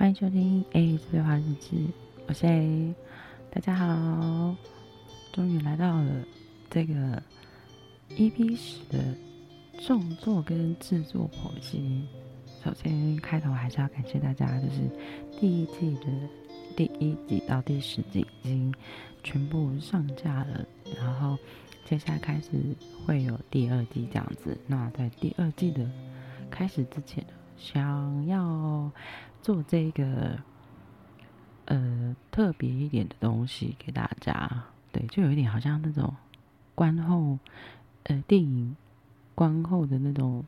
歡迎收聽《A 之花日記》，這是，我是 A，大家好，終於來到了這個 EP10 的創作跟製作剖析。首先開頭還是要感謝大家，就是第一季的第一集到第十集已經全部上架了，然後接下來開始會有第二季這樣子。那在第二季的開始之前，想要做這個，呃，特別一點的東西給大家，對，就有一點好像那種觀後，呃，電影觀後的那種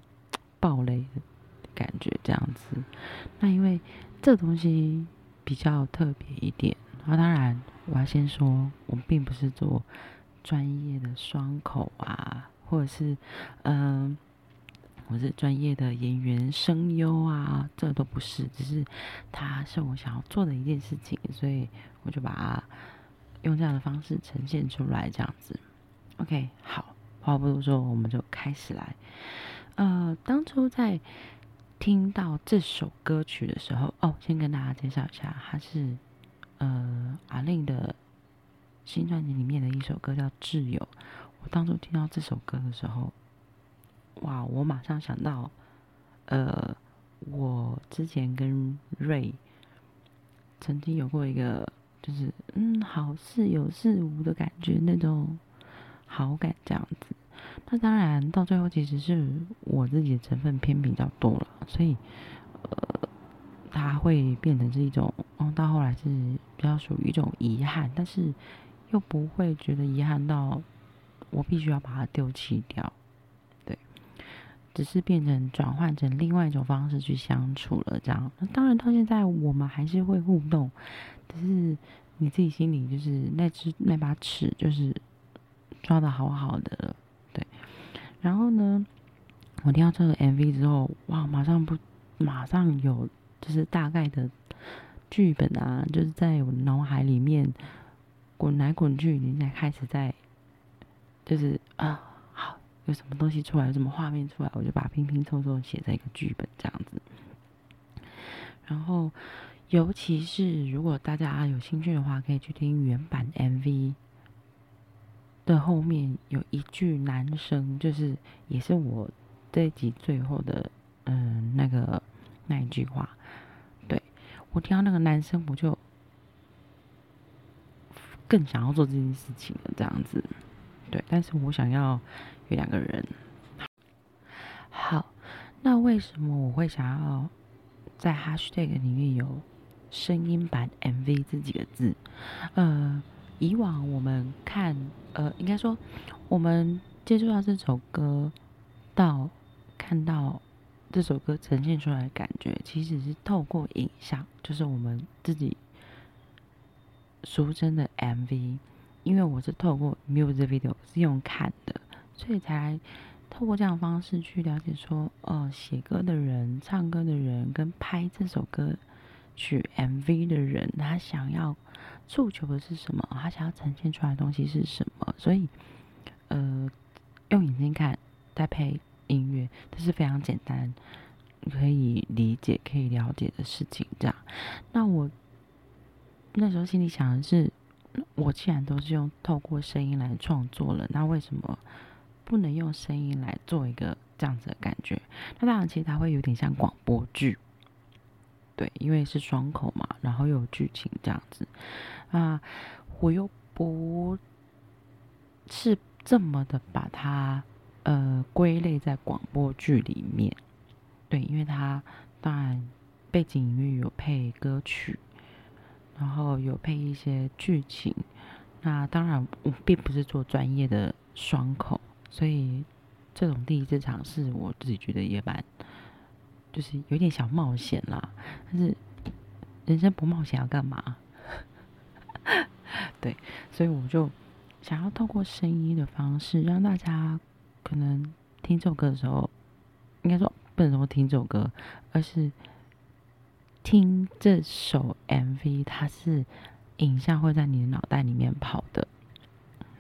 爆雷的感覺，這樣子。那因為這東西比較特別一點，那當然我要先說，我並不是做專業的雙口啊，或者是，嗯、呃。我是專業的演員、聲優啊，這都不是，只是它是我想要做的一件事情，所以我就把它用這樣的方式呈現出來，這樣子。OK，好，話不多說，我們就開始來。呃，當初在聽到這首歌曲的時候，哦，先跟大家介紹一下，它是呃阿信的新專輯裡面的一首歌，叫《摯友》。我當初聽到這首歌的時候。哇，我馬上想到，呃，我之前跟 Ray 曾經有過一個，就是嗯，好似有似無的感覺，那種好感這樣子。那當然到最後，其實是我自己的成分偏比較多了，所以呃，他會變成是一種，哦、到後來是比較屬於一種遺憾，但是又不會覺得遺憾到我必須要把它丟棄掉。只是變成轉換成另外一種方式去相處了，這樣。那當然到現在我們還是會互動，只是你自己心裡就是那只那把尺就是抓得好好的，對。然後呢，我聽到這個 MV 之後，哇，馬上不馬上有就是大概的劇本啊，就是在我腦海裡面滾來滾去，你才開始在就是啊。有什麼東西出來，有什麼畫面出來，我就把它拼拼湊湊寫在一個劇本這樣子。然後，尤其是如果大家有興趣的話，可以去聽原版 MV 的後面有一句男生，就是也是我這一集最後的嗯、呃、那個那一句話。對，我聽到那個男生，我就更想要做這件事情了這樣子。對，但是我想要。兩個人，好，那為什麼我會想要在 hashtag 裡面有聲音版 MV 這幾個字？呃，以往我們看，呃，應該說我們接觸到這首歌，到看到這首歌呈現出來的感覺，其實是透過影像，就是我們自己俗稱的 MV，因為我是透過 music video 是用看的。所以才來透過這樣的方式去了解，說，呃、哦，寫歌的人、唱歌的人跟拍這首歌曲 MV 的人，他想要訴求，求的是什麼？他想要呈現出來的東西是什麼？所以，呃，用眼睛看，再配音樂，這是非常簡單、可以理解、可以了解的事情。這樣，那我那時候心裡想的是，我既然都是用透過聲音來創作了，那為什麼？不能用聲音來做一個這樣子的感覺，那當然其實它會有點像廣播劇，對，因為是雙口嘛，然後有劇情這樣子啊，我又不是這麼的把它呃歸類在廣播劇裡面，對，因為它當然背景音樂有配歌曲，然後有配一些劇情，那當然我並不是做專業的雙口。所以，這種第一次嘗試，我自己覺得也蠻，就是有點小冒險啦。但是，人生不冒險要幹嘛？ 對，所以我就想要透過聲音的方式，讓大家可能聽這首歌的時候，應該說不能說聽這首歌，而是聽這首 MV，它是影像會在你的腦袋裡面跑的。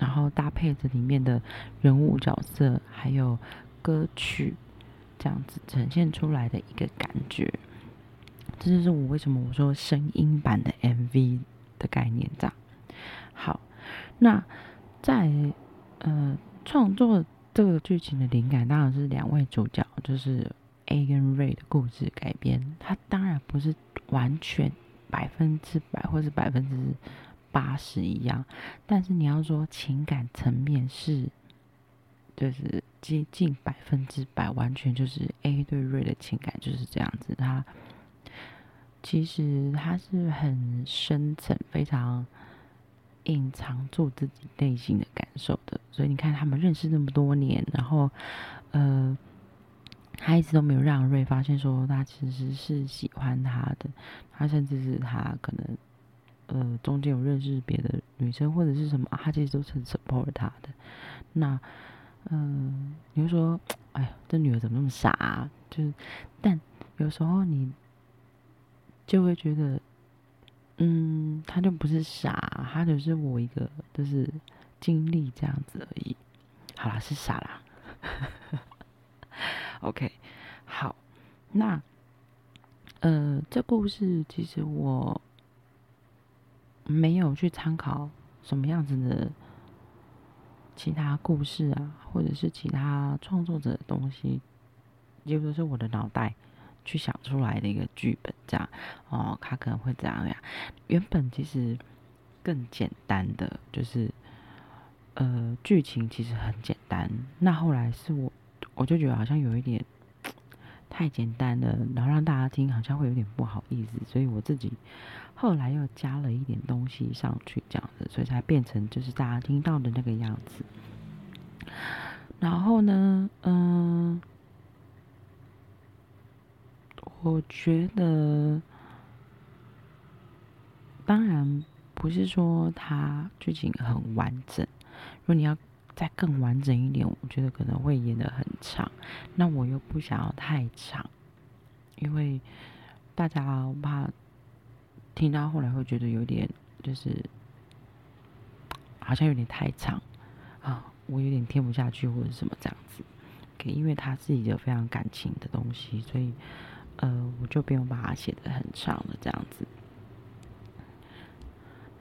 然後搭配著裡面的人物角色，還有歌曲，這樣子呈現出來的一個感覺，這就是我為什麼我說聲音版的 MV 的概念。這樣，好，那在呃創作這個劇情的靈感，當然是兩位主角就是 A 跟 Ray 的故事改編。它當然不是完全百分之百，或是百分之。八十一樣，但是你要說情感層面是，就是接近百分之百，完全就是 A 對瑞的情感就是這樣子。他其實他是很深層、非常隱藏住自己內心的感受的，所以你看他們認識那麼多年，然後呃，他一直都沒有讓瑞發現說他其實是喜歡他的，他甚至是他可能。呃，中間有認識別的女生或者是什麼她、啊、其實都是很 support 他的。那，嗯、呃，你就說，哎呀，這女兒怎麼那麼傻、啊？就是，但有時候你就會覺得，嗯，他就不是傻，他就是我一個就是經歷這樣子而已。好啦，是傻啦。 OK，好，那，呃，這故事其實我。沒有去參考什麼樣子的其他故事啊，或者是其他創作者的東西，也就是我的腦袋去想出來的一個劇本這樣哦，他可能會這樣呀，原本其實更簡單的就是，呃，劇情其實很簡單。那後來是我，我就覺得好像有一點。太簡單了，然後讓大家聽好像會有點不好意思，所以我自己後來又加了一點東西上去，這樣子，所以才變成就是大家聽到的那個樣子。然後呢，嗯、呃，我覺得當然不是說它劇情很完整，如果你要。再更完整一點，我覺得可能會演得很長。那我又不想要太長，因為大家怕聽到後來會覺得有點，就是好像有點太長啊，我有點聽不下去或者什麼這樣子。給因為他自己有非常感情的東西，所以呃，我就不用把它寫得很長了這樣子。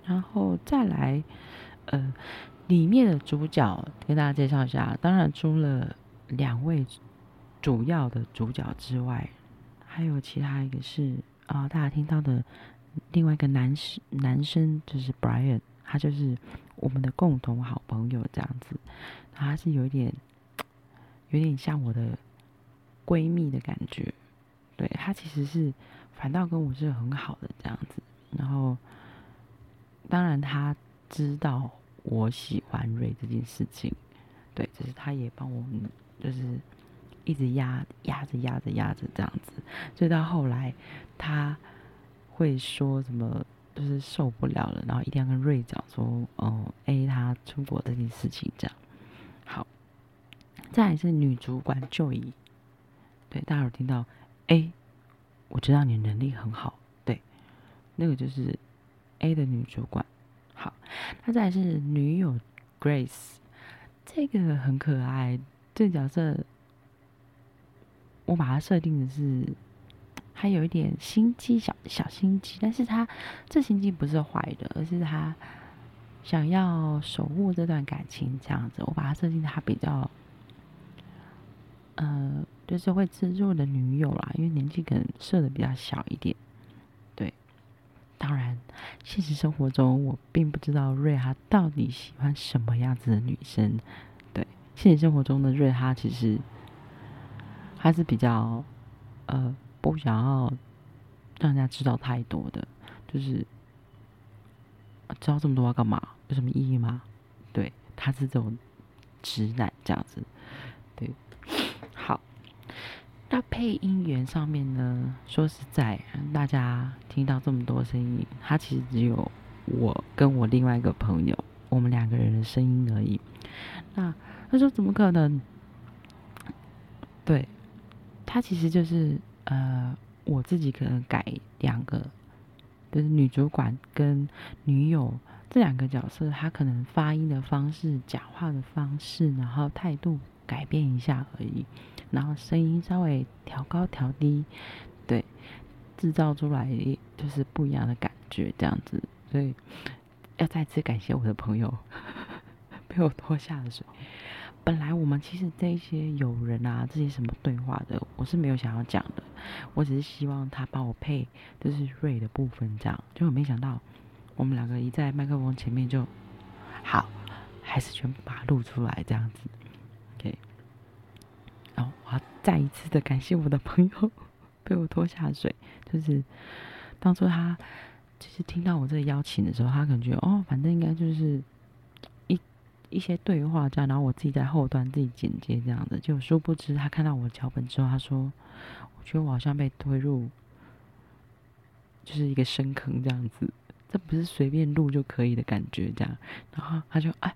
然後再來呃。裡面的主角跟大家介紹一下，當然除了兩位主要的主角之外，還有其他一個是啊、哦，大家聽到的另外一個男士男生就是 Brian，他就是我們的共同好朋友這樣子，他是有一點有點像我的閨蜜的感覺，對，他其實是反倒跟我是很好的這樣子，然後當然他知道。我喜歡瑞這件事情，對，就是他也幫我們，就是一直壓壓着，壓着壓着壓着這樣子，所以到後來，他會說什麼，就是受不了了，然後一定要跟瑞講說，哦、嗯，A 他出國這件事情這樣，好，再來是女主管 Joy，對，大家有聽到 A，欸，我知道你能力很好，對，那個就是 A 的女主管。好，他再來是女友 Grace，這個很可愛。這個、角色我把它設定的是，他有一點心機，小小心機。但是他這心機不是壞的，而是他想要守護這段感情這樣子。我把它設定他比較，呃，就是會吃醋的女友啦，因為年紀可能設的比較小一點。當然，現實生活中我並不知道瑞哈到底喜歡什麼樣子的女生。對，現實生活中的瑞哈其實，他是比較，呃，不想要讓人家知道太多的，就是，知道這麼多幹嘛？有什麼意義嗎？對，他是這種直男這樣子，對。那配音員上面呢？說實在，大家聽到這麼多聲音，他其實只有我跟我另外一個朋友，我們兩個人的聲音而已。那他說怎麼可能？對，他其實就是呃，我自己可能改兩個，就是女主管跟女友這兩個角色，他可能發音的方式、講話的方式，然後態度。改變一下而已，然後聲音稍微調高調低，對，製造出來就是不一樣的感覺，這樣子。所以要再次感謝我的朋友呵呵被我拖下了水。本來我們其實這些友人啊，這些什麼對話的，我是沒有想要講的，我只是希望他幫我配就是瑞的部分，這樣。就我沒想到我們兩個一在麥克風前面就，就好，還是全部把它錄出來，這樣子。我要再一次的感謝我的朋友，被我拖下水。就是當初他，就是聽到我這個邀請的時候，他感覺哦，反正應該就是一一些對話這樣。然後我自己在後端自己剪接這樣的，就殊不知他看到我腳本之後，他說：“我覺得我好像被推入就是一個深坑這樣子，這不是隨便錄就可以的感覺這樣。”然後他就哎、啊、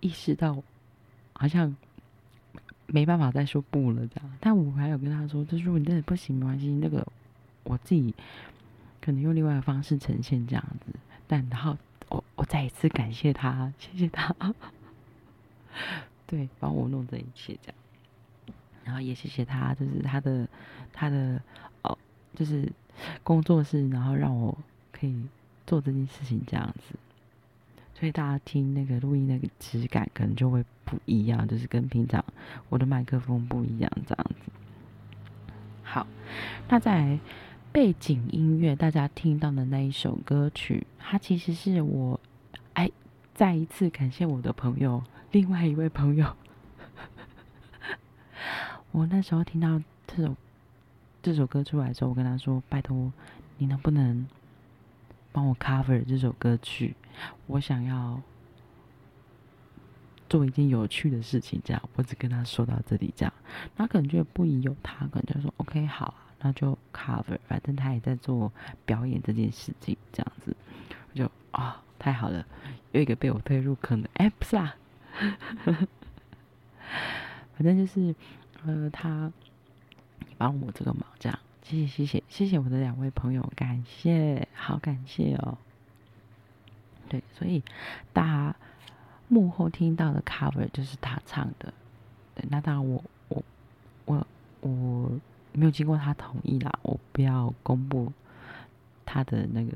意識到好像。沒辦法再說不了這樣，嗯，但我還有跟他說，就是如果你真的不行，沒關係，那個我自己可能用另外的方式呈現這樣子。但然後我我再一次感謝他，謝謝他， 對，幫我弄這一切這樣，嗯，然後也謝謝他，就是他的他的哦，就是工作室，然後讓我可以做這件事情這樣子。所以大家聽那個錄音那個質感可能就會不一樣，就是跟平常我的麥克風不一樣這樣子。好，那在背景音樂大家聽到的那一首歌曲，它其實是我哎再一次感謝我的朋友，另外一位朋友。 我那時候聽到這首這首歌出來的時候，我跟他說：“拜托，你能不能幫我 cover 這首歌曲？”我想要做一件有趣的事情，這樣。我只跟他說到這裡，這樣，他可能就不疑有他，可能就說 OK 好，啊，那就 cover，反正他也在做表演這件事情，這樣子，就哦，太好了，有一個被我推入坑的，哎不是啦， 反正就是呃他幫我這個忙，這樣，謝謝謝謝謝謝我的兩位朋友，感謝，好感謝哦。對，所以大家幕後聽到的 cover 就是他唱的。對，那當然我我我我沒有經過他同意啦，我不要公布他的那個。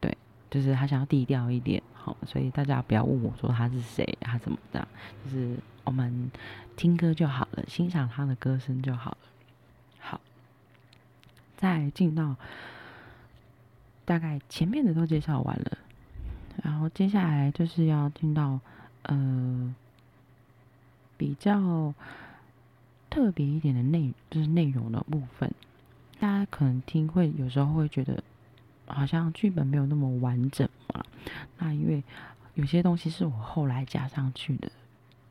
對，就是他想要低調一點，好，所以大家不要問我說他是誰，他怎麼這樣，就是我們聽歌就好了，欣賞他的歌聲就好了。好，再進到大概前面的都介紹完了。然後接下來就是要聽到呃比較特別一點的內就是內容的部分，大家可能聽會有時候會覺得好像劇本沒有那麼完整嘛，那因為有些東西是我後來加上去的，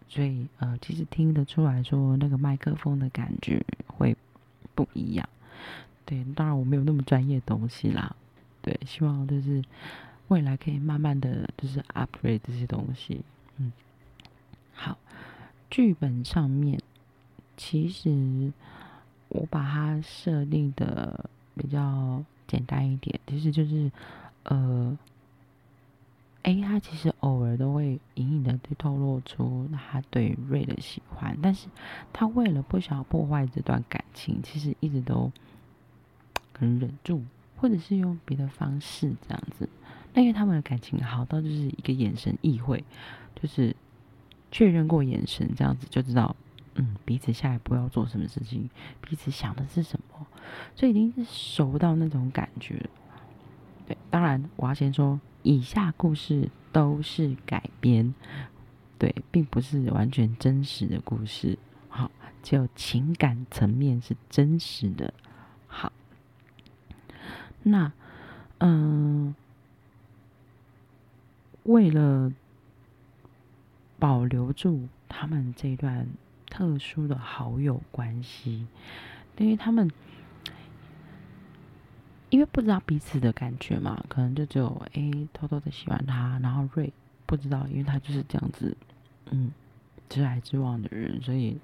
所以呃，其實聽得出來說那個麥克風的感覺會不一樣，對，當然我沒有那麼專業的東西啦，對，希望就是。未來可以慢慢的就是 upgrade 這些東西，嗯，好，劇本上面其實我把它設定的比較簡單一點，其實就是，呃，A 他其實偶爾都會隱隱的透露出他對 Ray 的喜歡，但是他為了不想要破壞這段感情，其實一直都很忍住，或者是用別的方式這樣子。那個，他們的感情好到就是一個眼神意會，就是確認過眼神這樣子就知道，嗯，彼此下一步要做什麼事情，彼此想的是什麼，所以已經是熟到那種感覺。對，當然我要先說，以下故事都是改編，對，並不是完全真實的故事。好，就情感層面是真實的。好，那嗯。為了保留住他們這段特殊的好友關係，因為他們因為不知道彼此的感覺嘛，可能就只有 A 偷偷的喜歡他，然後瑞不知道，因為他就是這樣子，嗯，直來直往的人，所以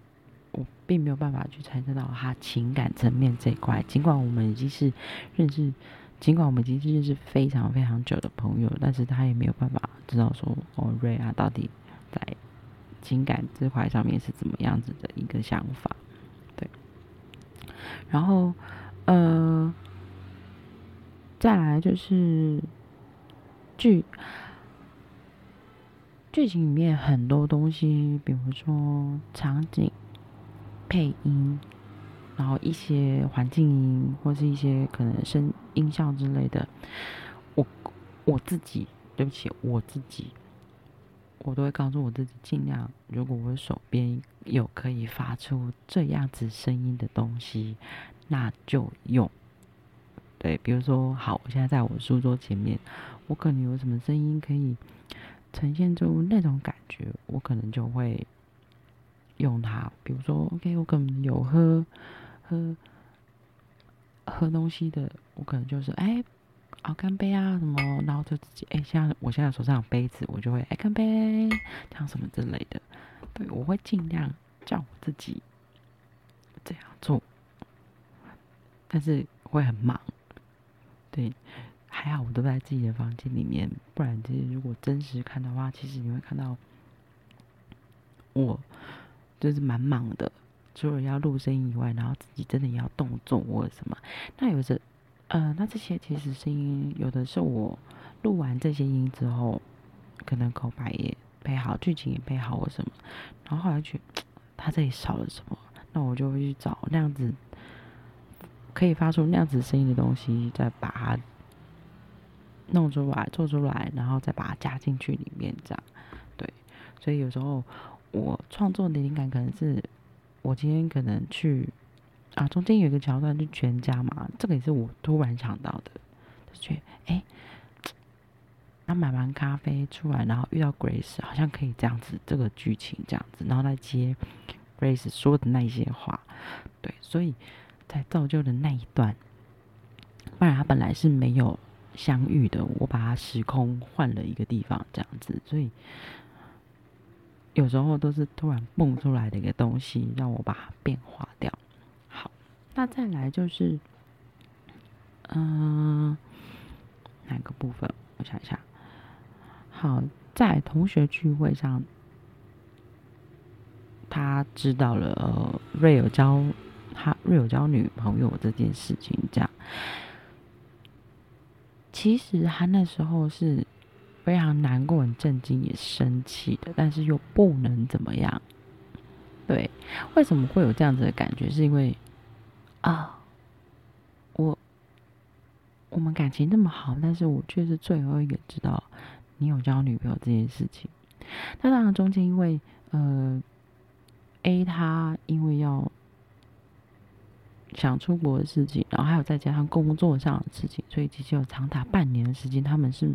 我並沒有辦法去猜測到他情感層面這一塊。儘管我們已經是認識。儘管我們已經認識非常非常久的朋友，但是他也沒有辦法知道說，哦，Ray 啊，到底在情感這塊上面是怎麼樣子的一個想法，對。然後呃，再來就是劇劇情裡面很多東西，比如說場景、配音。然後一些環境音，或是一些可能聲音效之類的，我我自己對不起我自己，我都會告訴我自己盡量，如果我手邊有可以發出這樣子聲音的東西，那就用。對，比如說，好，我現在在我書桌前面，我可能有什麼聲音可以呈現出那種感覺，我可能就會用它。比如說，OK，我可能有喝。喝喝東西的，我可能就是哎，好、欸、乾杯啊什麼，然後就自己哎、欸，現在我現在手上有杯子，我就會哎、欸、乾杯，像什麼之類的，對，我會盡量叫我自己這樣做，但是會很忙，對，還好我都在自己的房間裡面，不然就是如果真實看的話，其實你會看到我就是蠻忙的。除了要錄聲音以外，然後自己真的要動作或什麼。那有時呃，那這些其實聲音有的是我錄完這些音之後，可能口白也配好，劇情也配好或什麼，然後後來就覺得他這裡少了什麼，那我就會去找那樣子可以發出那樣子聲音的東西，再把它弄出來做出來，然後再把它加進去裡面這樣。對，所以有時候我創作的靈感可能是。我今天可能去啊，中間有一個橋段，就全家嘛，這個也是我突然想到的，就覺得哎，他、欸啊、買完咖啡出來，然後遇到 Grace，好像可以這樣子，這個劇情這樣子，然後再接 Grace 說的那些話，對，所以在造就的那一段，不然他本來是沒有相遇的，我把他時空換了一個地方這樣子，所以。有時候都是突然蹦出來的一個東西，讓我把它變化掉。好，那再來就是，嗯、呃，哪個部分？我想一下。好，在同學聚會上，他知道了呃 Ray 交他 Ray 交女朋友這件事情，這樣。其實他那時候是。非常難過、很震驚、也生氣的，但是又不能怎麼樣。對，為什麼會有這樣子的感覺？是因為啊，我我們感情那麼好，但是我卻是最後一個知道你有交女朋友這件事情。那當然，中間因為呃，A 他因為要想出國的事情，然後還有再加上工作上的事情，所以其實有長達半年的時間，他們是。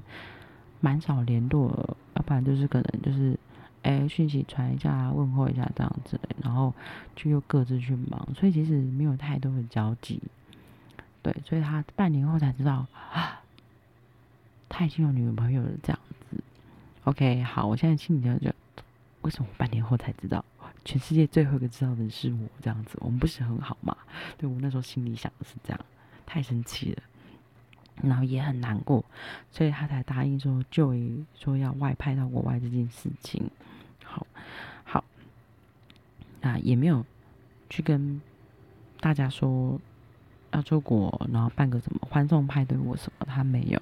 蠻少聯絡的，要、啊、不然就是可能就是，哎、欸，訊息傳一下，問候一下這樣子，然後就又各自去忙，所以其實沒有太多的交集，對，所以他半年後才知道啊，他已經有女朋友了這樣子。OK，好，我現在心裡在就，為什麼半年後才知道？全世界最後一個知道的人是我這樣子，我們不是很好嘛，對，我那時候心裡想的是這樣，太生氣了。然後也很難過，所以他才答應說就一說要外派到國外這件事情。好好，那也沒有去跟大家說要出國，然後辦個什麼歡送派對我什麼，他沒有。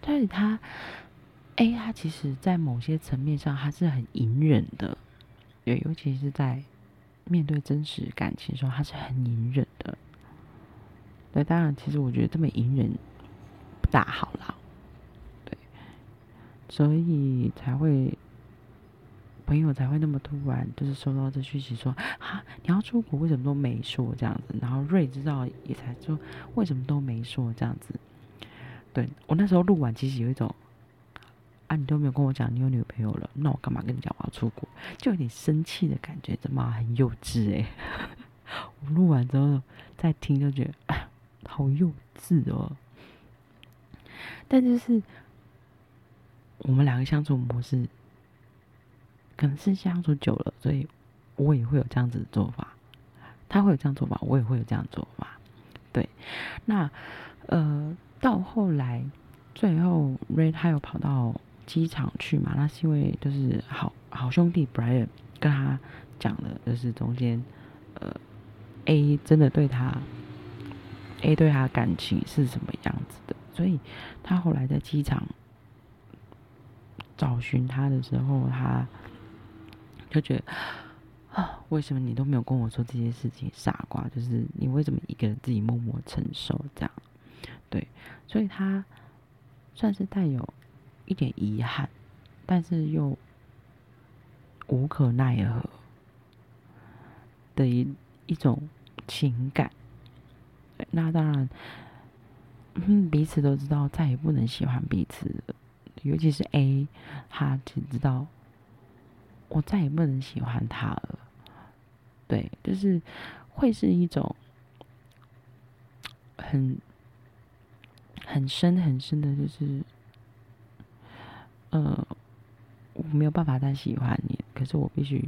但是他，哎，他其實在某些層面上他是很隱忍的，對，尤其是在面對真實感情的時候，他是很隱忍的。對，當然，其實我覺得這麼隱忍。打好了，對，所以才會朋友才會那麼突然，就是收到這訊息說啊，你要出國，為什麼都沒說這樣子？然後瑞知道也才說為什麼都沒說這樣子。對，我那時候錄完其實有一種啊，你都沒有跟我講你有女朋友了，那我幹嘛跟你講我要出國？就有點生氣的感覺，怎麼很幼稚誒、欸？ 我錄完之後再聽就覺得啊，好幼稚哦。但就是我們兩個相處模式，可能是相處久了，所以我也會有這樣子的做法，他會有這樣做法，我也會有這樣做法。對，那呃，到後來最後 Ray 他又跑到機場去嘛，那是因為就是好好兄弟 Brian 跟他講了，就是中間呃，A 真的對他。A 對他的感情是什麼樣子的？所以，他後來在機場找尋他的時候，他就覺得，啊，為什麼你都沒有跟我說這些事情？傻瓜，就是你為什麼一個人自己默默承受這樣？對，所以他算是帶有一點遺憾，但是又無可奈何的一一種情感。那當然，彼此都知道再也不能喜歡彼此了，尤其是 A，他只知道我再也不能喜歡他了。對，就是會是一種很很深很深的，就是呃，我沒有辦法再喜歡你，可是我必須。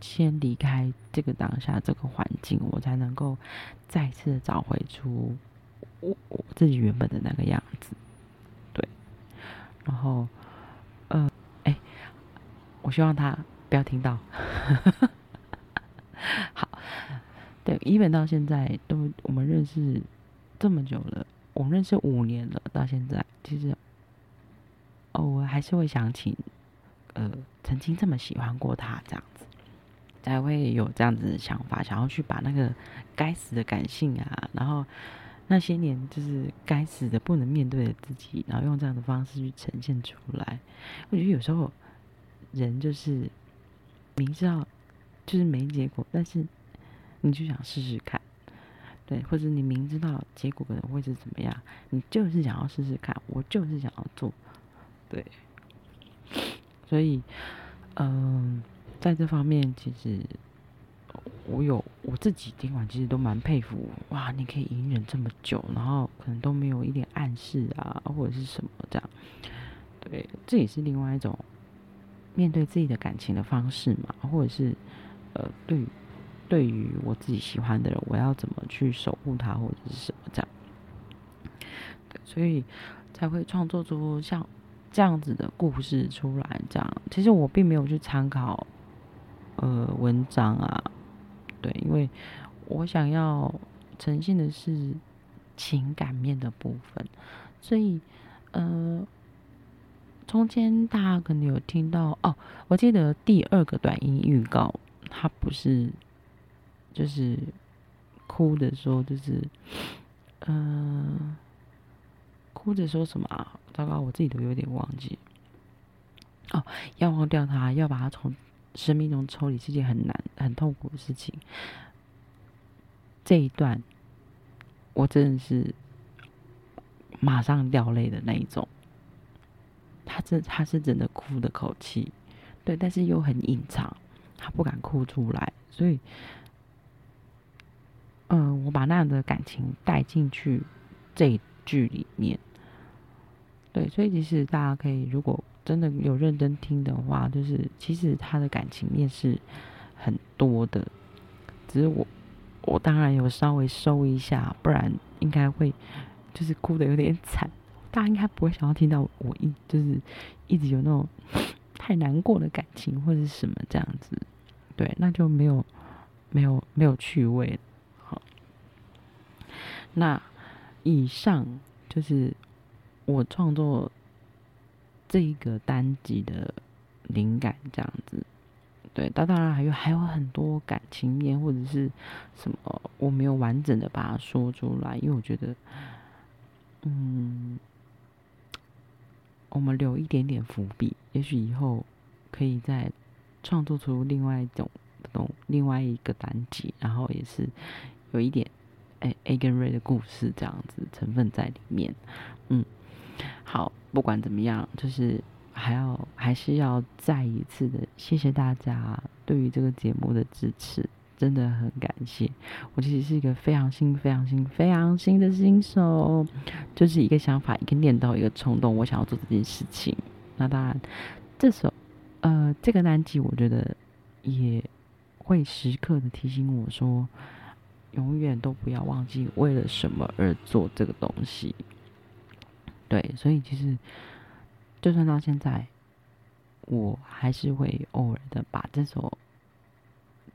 先離開這個當下這個環境，我才能夠再次找回出我我自己原本的那個樣子，對。然後，呃，哎、欸，我希望他不要聽到。 好，對，even 到現在都我們認識這麼久了，我們認識五年了，到現在其實哦，我還是會想起，呃，曾經這麼喜歡過他這樣。才會有這樣子的想法，想要去把那個該死的感性啊，然後那些年就是該死的不能面對的自己，然後用這樣的方式去呈現出來。我覺得有時候人就是明知道就是沒結果，但是你就想試試看，對，或者你明知道結果可能會是怎麼樣，你就是想要試試看，我就是想要做，對，所以嗯。在這方面，其實我有我自己聽完，其實都蠻佩服哇！你可以隱忍這麼久，然後可能都沒有一點暗示啊，或者是什麼這樣。對，這也是另外一種面對自己的感情的方式嘛，或者是呃，對，對於我自己喜歡的人，我要怎麼去守護他，或者是什麼這樣。對，所以才會創作出像這樣子的故事出來，這樣其實我並沒有去參考。呃，文章啊，對，因為我想要呈現的是情感面的部分，所以呃，中間大家可能有聽到哦，我記得第二個短音預告，它不是就是哭着說，就是嗯、呃，哭着說什麼啊？糟糕，我自己都有點忘記哦，要忘掉它，要把它從。生命中抽離是件很難、很痛苦的事情。這一段，我真的是馬上掉淚的那一種。他真，他是真的哭的口氣，對，但是又很隱藏，他不敢哭出來。所以，嗯、呃，我把那樣的感情帶進去這句裡面。對，所以其實大家可以如果。真的有認真聽的話，就是其實他的感情面是很多的，只是我我當然有稍微收一下，不然應該會就是哭得有點慘，大家應該不會想要聽到我一就是一直有那種 太難過的感情或者是什麼這樣子，對，那就沒有沒有沒有趣味。好，那以上就是我創作。這一個單集的靈感這樣子，對，當當然還有還有很多感情面或者是什麼，我沒有完整的把它說出來，因為我覺得，嗯，我們留一點點伏筆，也許以後可以再創作出另外一種、這種另外一個單集，然後也是有一點，哎，A 跟 Ray 的故事這樣子成分在裡面，嗯，好。不管怎麼樣，就是還要還是要再一次的謝謝大家對於這個節目的支持，真的很感謝。我其實是一個非常新、非常新、非常新的新手，就是一個想法、一個念頭、一個衝動，我想要做這件事情。那當然，這首呃這個單曲，我覺得也會時刻的提醒我說，永遠都不要忘記為了什麼而做這個東西。對，所以其實，就算到現在，我還是會偶爾的把這首，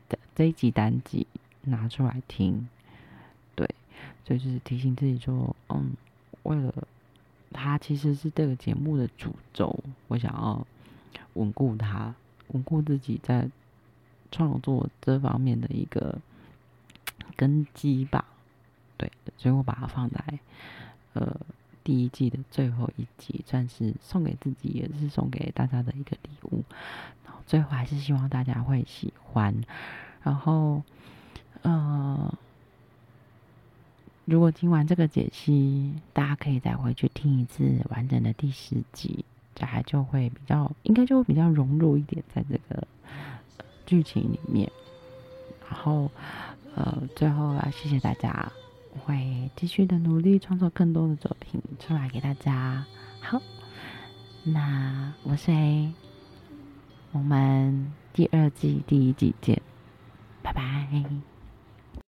這這一集單集拿出來聽。對，所以就是提醒自己說，嗯，為了它，其實是這個節目的主軸，我想要穩固它，穩固自己在創作這方面的一個根基吧。對，所以我把它放在，呃。第一季的最後一集，算是送給自己，也是送給大家的一個禮物。然後最後還是希望大家會喜歡。然後，嗯、呃，如果聽完這個解析，大家可以再回去聽一次完整的第十集，就還就會比較，應該就會比較融入一點在這個呃、劇情裡面。然後，呃，最後啊，謝謝大家。我會繼續的努力創作更多的作品出來給大家。好，那我是 A，我們第二季第一集見，拜拜。